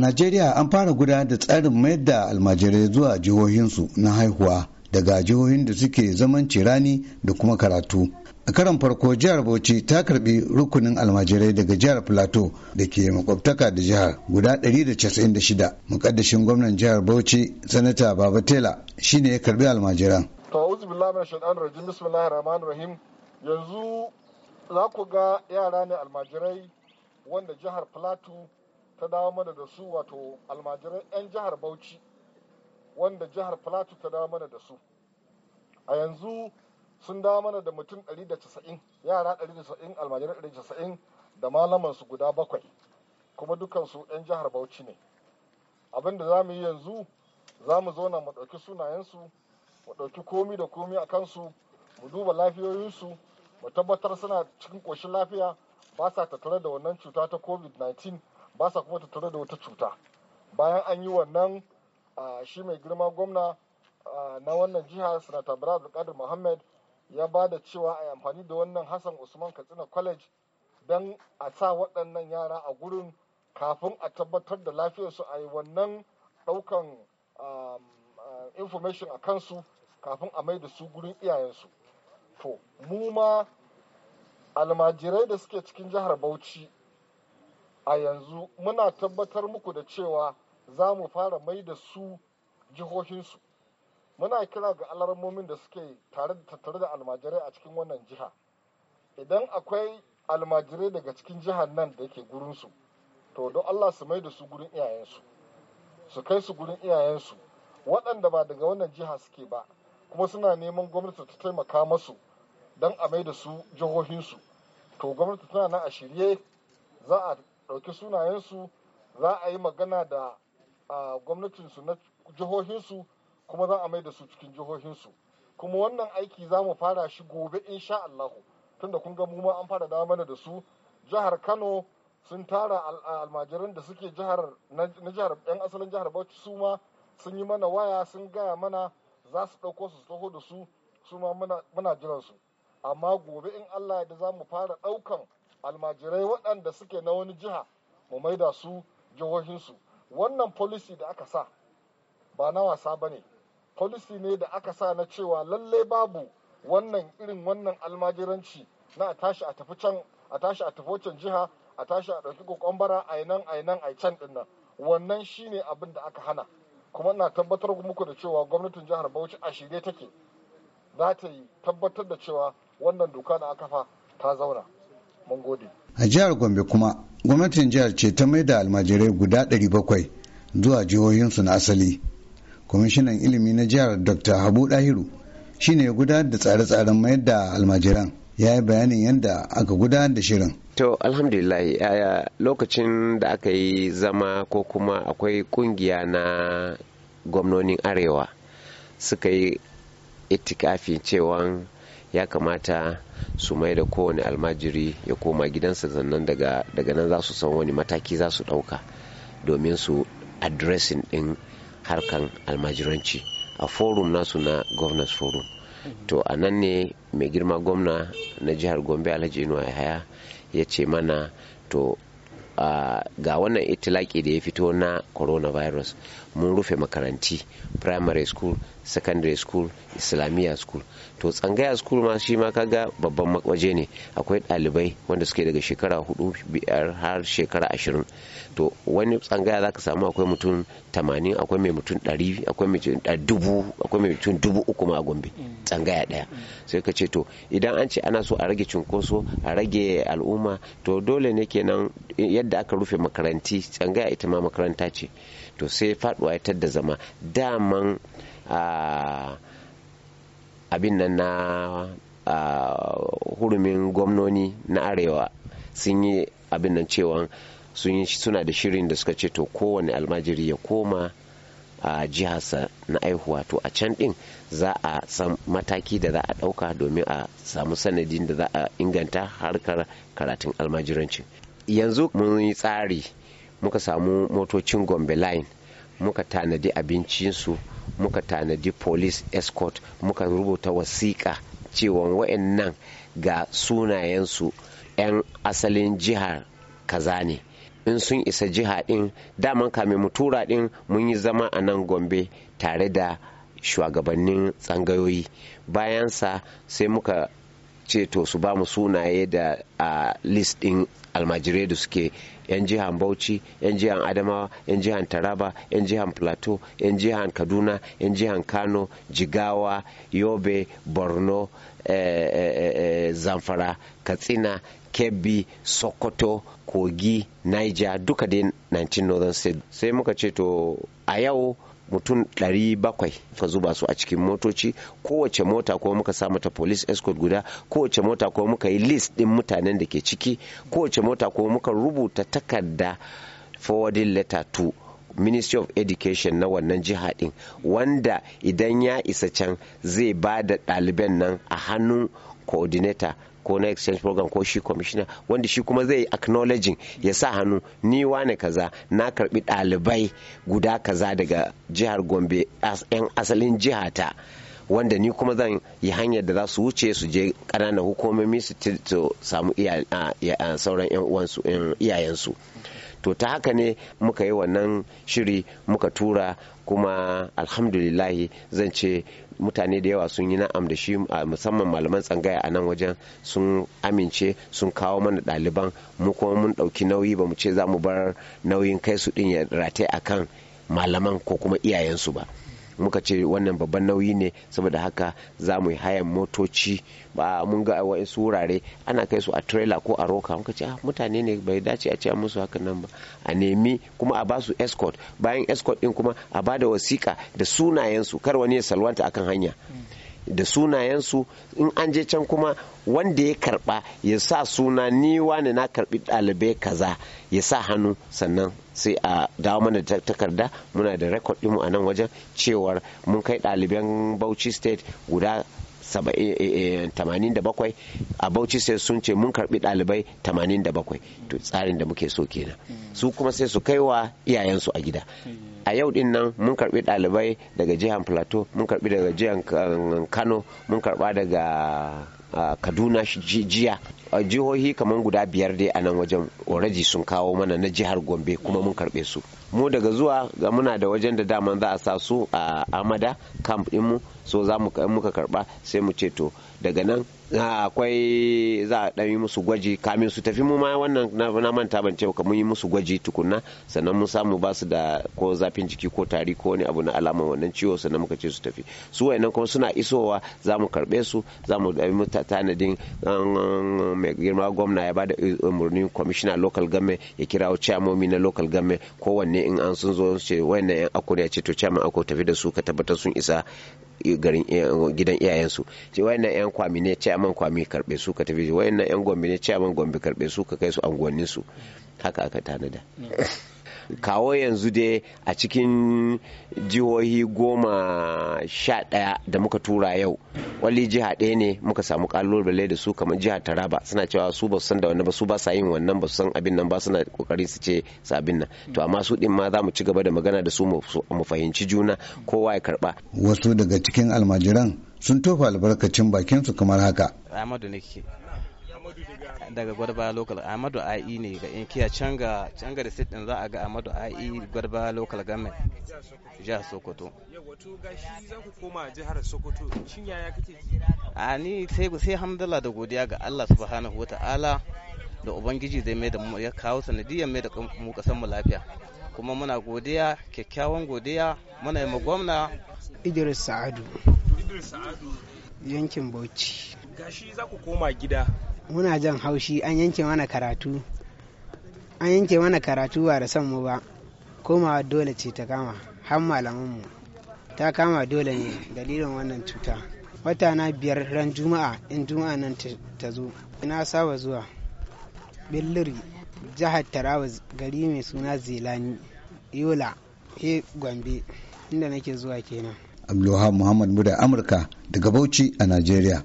Najeriya an fara gudanar da tsarin mayar da almajirai zuwa jihohinsu na haihuwa daga jihohin da suke zaman cirani da kuma karatu. A karan farko jihar Bauchi ta karbi rukunin almajirai daga jihar Plateau da ke makwabtaka da jihar guda 196. Mukaddashin gwamnan jihar Bauchi, Sanata Baba Tela shine ya karbi almajiran. Yanzu za ku ga yara ne almajirai wanda jihar Plateau ta dawo mana da su wato almajiran 'yan jihar bauchi wanda jihar plateau ta dawo mana da su a yanzu sun dawo mana da mutum 190 yara 190 almajiran 190 da malamansu guda bakwai kuma dukansu 'yan jihar bauchi ne abinda da za mu yi yanzu za mu zauna mu ɗauki sunayensu mu ɗauki komi da komi a kansu mu duba lafiyoyinsu mu tabbatar suna cikin ƙoshin lafiya ba sa tattare da wannan cuta ta covid-19 ba sa kuma tattare da wata cuta bayan an yi wannan shi mai girma gwamna na wannan jihar sanata bala abdulkadir muhammad ya ba da cewa a yi amfani da wannan hassan usman katsina college don a sa waɗannan yara a gurin kafin a tabbatar da lafiyarsu a yi wannan ɗaukan information a kansu kafin a mai da su gurin iyayensu to mu ma almajirai da suke cikin jihar bauchi a yanzu muna tabbatar muku da cewa za mu fara mai da su jihohinsu muna kira ga alarmomin da suke tare da tattare da almajirai a cikin wannan jiha idan akwai almajirai daga cikin jihar nan da ke gurinsu to don allah su mai da su gurin iyayensu su kai su gurin iyayensu waɗanda ba daga wannan jiha suke ba kuma suna neman gwamnati ta taimaka masu don a mai da su jihohinsu to gwamnati tana nan a shirye za a ɗauki sunayensu za a yi magana da gwamnatinsu na jihohinsu kuma za a mai da su cikin jihohinsu kuma wannan aiki za mu fara shi gobe insha Allahu tunda kun ga mu ma an fara dawo mana da su jihar Kano sun tara almajiran da suke jihar na jihar yan asalin jihar Bauchi su ma sun yi mana waya sun gaya mana za su ɗauko su taho da su su ma muna jiran su amma gobe in Allah ya da za mu fara ɗaukan almajirai waɗanda suke na wani jiha mu maida su jihohinsu wannan policy da aka sa ba na wasa ba ne policy ne da aka sa na cewa lalle babu wannan irin wannan almajiranci na a tashi a tafi can a tashi a tafi can jiha a tashi a ɗauki kokon bara a nan a nan a can ɗin nan wannan shine abin da aka hana kuma na tabbatar muku da cewa gwamnatin jihar Bauchi a shirye take za ta yi tabbatar da cewa wannan doka da aka fa ta zauna a jihar gombe kuma gwamnatin jihar ce ta maida almajirai guda 700 zuwa jihohinsu na asali kwamishinan ilimi na jihar dr habu dahiru shine ya gudanar da tsare-tsaren mayar da almajiran ya yi bayanin yadda aka gudanar da shirin to alhamdulillah yaya lokacin da aka yi zama ko kuma akwai kungiya na gwamnonin arewa suka yi itikafi cewa ya kamata su mai da kowane almajiri ya koma gidansa sannan daga nan za su san wani mataki za su ɗauka domin su addressing ɗin harkan almajiranci a forum nasu na governors forum to a nan ne mai girma gwamna na jihar gombe alhaji inuwa haya ya ce mana to ga wannan itilaki da ya fito na coronavirus mun rufe makaranti primary school secondary school islamiyya school to tsangaya school ma shi ma kaga babban waje ne akwai ɗalibai wanda suke daga shekara hudu biyar har shekara ashirin to wani tsangaya za ka samu akwai mutum tamanin akwai mai mutum ɗari akwai mai dubu akwai mai mutum dubu uku ma a gombe tsangaya ɗaya sai ka ce to idan an ce ana so a rage cunkoso a rage al'umma to dole ne kenan yadda aka rufe makaranti tsangaya ita ma makaranta ce to sai faduwa ya da zama daman abin nan na hurumin gwamnoni na arewa sun yi abin nan cewa suna da shirin da suka ce to kowane almajiri ya koma a jiharsa na aihuwa to a can din za a san mataki da za a ɗauka domin a samu sanadin da za a inganta harkar karatun almajiranci yanzu mun yi tsari muka samu motocin gombe line muka tanadi abincinsu muka tanadi police escort muka rubuta wasiƙa cewa wa'annan ga sunayensu 'yan asalin jihar kaza ne in sun isa jiha ɗin daman kame mu tura ɗin mun yi zama a nan gombe tare da shugabannin tsangayoyi bayansa sai muka ce to su ba mu sunaye da a list din almajirai da suke yan jihan bauchi yan jihan adamawa yan jihan taraba yan jihan plateau yan jihan kaduna yan jihan kano jigawa yobe borno eh, eh, eh, zamfara katsina kebbi sokoto kogi niger duka dai 19 northern state sai muka ce to a yau mutum 700 ka zuba su a cikin motoci kowace mota kuma muka sa mata police escort guda kowace mota kuma muka yi list din mutanen da ke ciki kowace mota kuma muka rubuta takarda forwarding letter to ministry of education na wannan jiha din wanda idan ya isa can zai ba da ɗaliban nan a hannun coordinator ko na exchange program ko shi commissioner wanda shi kuma zai acknowledging ya sa hannu ni wane kaza na karbi dalibai guda kaza daga jihar gombe yan asalin jihata wanda ni kuma zan yi hanyar da za su wuce su je ƙananan hukumomi su samu sauran yan uwansu iyayensu to ta haka ne muka yi wannan shiri muka tura kuma alhamdulillahi zan ce mutane da yawa sun yi na'am da shi musamman malaman tsangaya a nan wajen sun amince sun kawo mana ɗaliban mu kuma mun ɗauki nauyi ba mu ce za mu bar nauyin kai su ɗin ya rataye kan malaman ko kuma iyayensu ba muka ce wannan babban nauyi ne saboda haka za mu yi hayan motoci ba mun ga wa'in wurare ana kai su a trailer ko a roka muka ce ah, mutane ne bai dace a ce musu haka nan ba a nemi kuma a ba su escort bayan escort din kuma a ba da wasiƙa da sunayensu kar wani ya salwanta akan hanya da sunayensu in an je can kuma wanda ya karba ya sa suna ni wani na karbi ɗalibai kaza ya sa hannu sannan sai a dawo mana da takarda muna da rekod mu a nan wajen cewar mun kai ɗaliban bauchi state guda 87 eh, eh, a bauchi sai sun ce mun karbi dalibai 87 to tsarin da muke so kenan su kuma sai su kaiwa iyayensu a gida a yau din nan mun karbi dalibai daga jihar plateau mun karbi daga jihar kano mun karba daga ah, kaduna jiya jihohi kamar guda biyar dai a nan wajen oraji sun kawo mana na jihar gombe kuma mun karbe su mu daga zuwa ga muna da wajen da daman za a sa su a amada camp mu so za mu muka karba sai mu ce to daga nan akwai za a ɗan yi musu gwaji kamin su tafi mu ma wannan na manta ban ce ka mun yi musu gwaji tukunna sannan mun samu ba su da ko zafin jiki ko tari ko wani abu na alaman wannan ciwo sannan muka ce su tafi su wayannan kuma suna isowa za mu karɓe su za mu ɗan tanadin um, mai girma gwamna ya bada umarnin kwamishina local government ya kirawo chairmomi na local government kowanne in an sun zo ce wayannan yan ako ne ya ce to chairman ako tafi da su ka tabbatar sun isa garin eh, gidan iyayensu ce wayannan yan kwami ne chairman kwami karbe su ka tafi wayannan yan gombe ne chairman gombe karbe su ka kai su anguwannin su haka aka tanada kawo yanzu dai a cikin jihohi goma sha ɗaya da muka tura yau wali jiha ɗaya ne muka samu kalubale da su kamar jihar taraba suna cewa su ba su san da wannan ba su ba sa yin wannan ba su san abin nan ba suna kokari su ce su abin nan to amma su din ma za mu ci gaba da magana da su mu fahimci juna kowa ya karba wasu daga cikin almajiran sun tofa albarkacin bakin su kamar haka Ahmadu nake daga gwarba local Amadu ai e ne ga in kiya canga canga da din za a ga Amadu ai e gwarba local government jihar sokoto za ku koma jihar sokoto shin yaya kake a ni sai sai hamdala da godiya ga Allah subhanahu wataala da ubangiji zai mai da mu ya kawo sanadiyar mai da mu kasan mu lafiya kuma muna godiya kyakkyawan godiya muna yi gwamna idris sa'adu idris sa'adu yankin bauchi gashi za ku koma gida muna jan haushi an yanke mana karatu an yanke mana karatu ba da san mu ba komawa dole ce ta kama har malamanmu ta kama dole ne dalilin wannan cuta wata na biyar ran juma'a in juma'a nan ta zo ina saba zuwa billiri jihar taraba gari mai suna zelani yola he gombe inda nake zuwa kenan abdulwahab muhammad muda amurka daga bauchi a nigeria